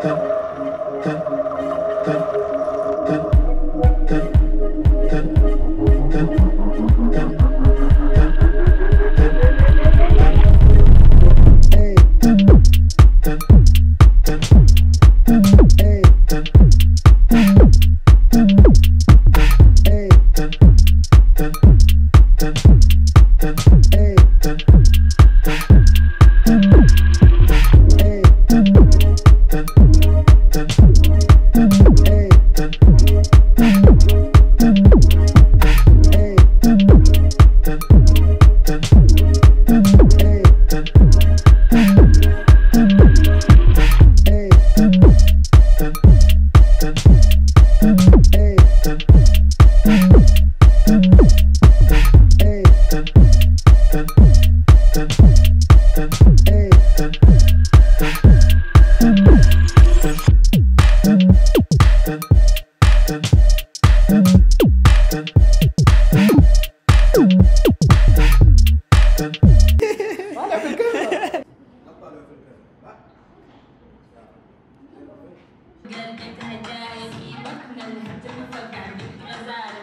Thank you. قلبك هدايا يجيبك من هتنفك عندك غزالة